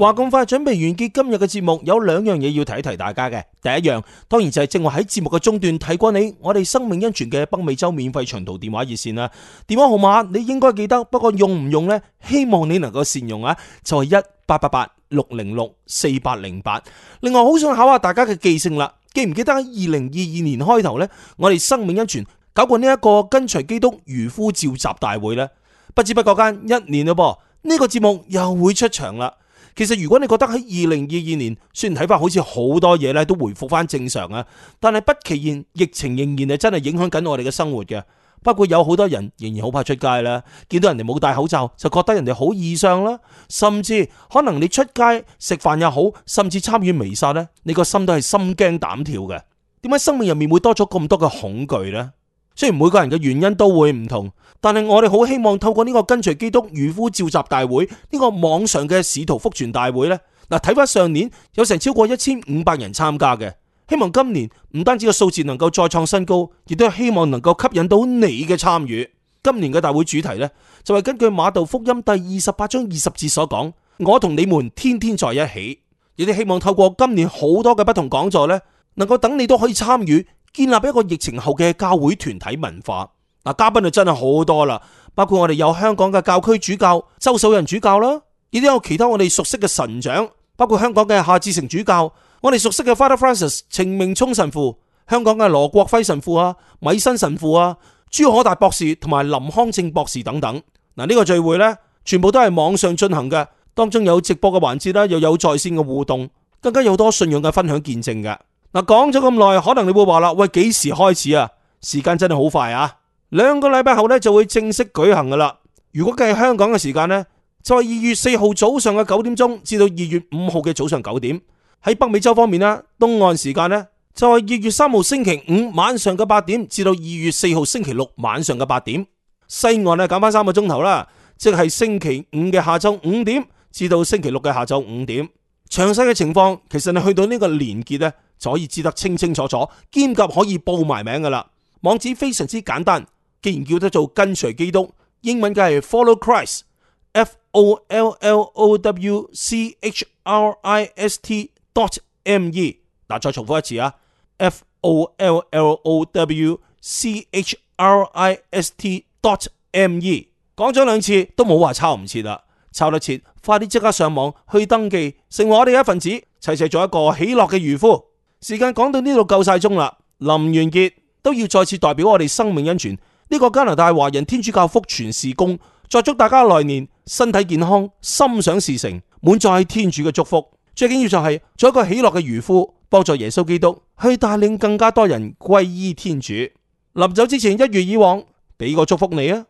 話咁快，準備完結今日嘅節目，有兩樣嘢要提一提大家嘅。第一樣當然就係正話喺節目嘅中段睇過你，我哋生命恩泉嘅北美洲免費長途電話熱線啦。電話號碼你應該記得，不過用唔用呢？希望你能夠善用啊，就係一八八八六零六四八零八。另外，好想考下大家嘅記性啦，記唔記得喺二零二二年開頭呢，我哋生命恩泉搞過呢一個跟隨基督漁夫召集大會呢？不知不覺間一年咯，噃、這、呢個節目又會出場啦。其實如果你覺得喺二零二二年，雖然睇法好似好多嘢咧，都回復翻正常啊，但係不其然，疫情仍然係真係影響緊我哋嘅生活嘅。不過有好多人仍然好怕出街啦，見到人哋冇戴口罩就覺得人哋好異常啦，甚至可能你出街食飯又好，甚至參與彌撒呢，你個心都係心驚膽跳嘅。點解生命入面會多咗咁多嘅恐懼呢？雖然每個人嘅原因都會唔同。但係我哋好希望透過呢個跟隨基督漁夫召集大會呢個網上嘅使徒福傳大會呢，嗱，睇翻上年有成超過一千五百人參加嘅，希望今年唔單止個數字能夠再創新高，亦都希望能夠吸引到你嘅參與。今年嘅大會主題呢，就係根據瑪竇福音第二十八章二十節所講，我同你們天天在一起。亦都希望透過今年好多嘅不同講座呢，能夠等你都可以參與，建立一個疫情後嘅教會團體文化。嗱，嘉賓就真係好多啦，包括我哋有香港嘅教區主教周守仁主教啦，亦都有其他我哋熟悉嘅神長，包括香港嘅夏志成主教，我哋熟悉嘅 Father Francis 程明聰神父，香港嘅羅國輝神父啊，米新神父啊，朱可大博士同埋林康正博士等等。嗱，呢個聚會呢，全部都係網上進行嘅，當中有直播嘅環節啦，又有在線嘅互動，更加有多信仰嘅分享見證嘅。嗱，講咗咁耐，可能你會話啦，喂，幾時開始啊？時間真係好快啊！兩個禮拜後咧就會正式舉行噶啦。如果計係香港嘅時間呢，就係二月四號早上嘅九點鐘至到二月五號嘅早上九點。喺北美洲方面呢，東岸時間呢，就係二月三號星期五晚上嘅八點至到二月四號星期六晚上嘅八點。西岸呢，減翻三個鐘頭啦，即係星期五嘅下晝五點至到星期六嘅下晝五點。詳細嘅情況其實你去到呢個連結呢，就可以知得清清楚楚，兼及可以報埋名噶啦。網址非常之簡單。既然叫得做跟隨基督，英文梗係 Follow Christ，F O L L O W C H R I S T dot M E。嗱，再重複一次啊，F O L L O W C H R I S T dot M E。講咗兩次都冇話抄唔切啦，抄得切，快啲即刻上網去登記，成為我哋一份子，齊齊做一個喜樂嘅漁夫。時間講到呢度夠晒鐘啦，臨完結都要再次代表我哋生命恩泉，呢個加拿大華人天主教福傳事工，再祝大家來年身體健康、心想事成，滿載天主嘅祝福。最緊要就係做一個喜樂嘅漁夫，幫助耶穌基督去帶領更加多人皈依天主。臨走之前，一如以往，俾個祝福你啊！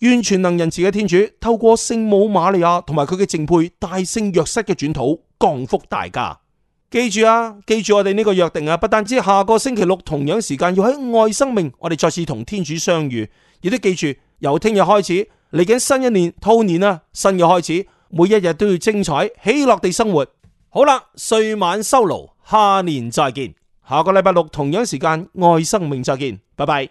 願全能仁慈嘅天主透過聖母瑪利亞同埋佢嘅淨配大聖若瑟嘅轉土降福大家。記住啊，記住我哋呢個約定啊！不但止下個星期六同樣時間要喺愛生命，我哋再次同天主相遇。亦都記住，由聽日開始嚟緊新一年兔年啦，新嘅開始，每一日都要精彩，喜樂地生活。好啦，歲晚收爐，下年再見。下個禮拜六同樣時間，愛生命再見，拜拜。